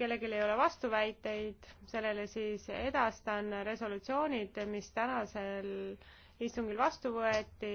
kellelgi ei ole vastuväiteid sellele, siis edastan resolutsioonid, mis tänasel istungil vastu võeti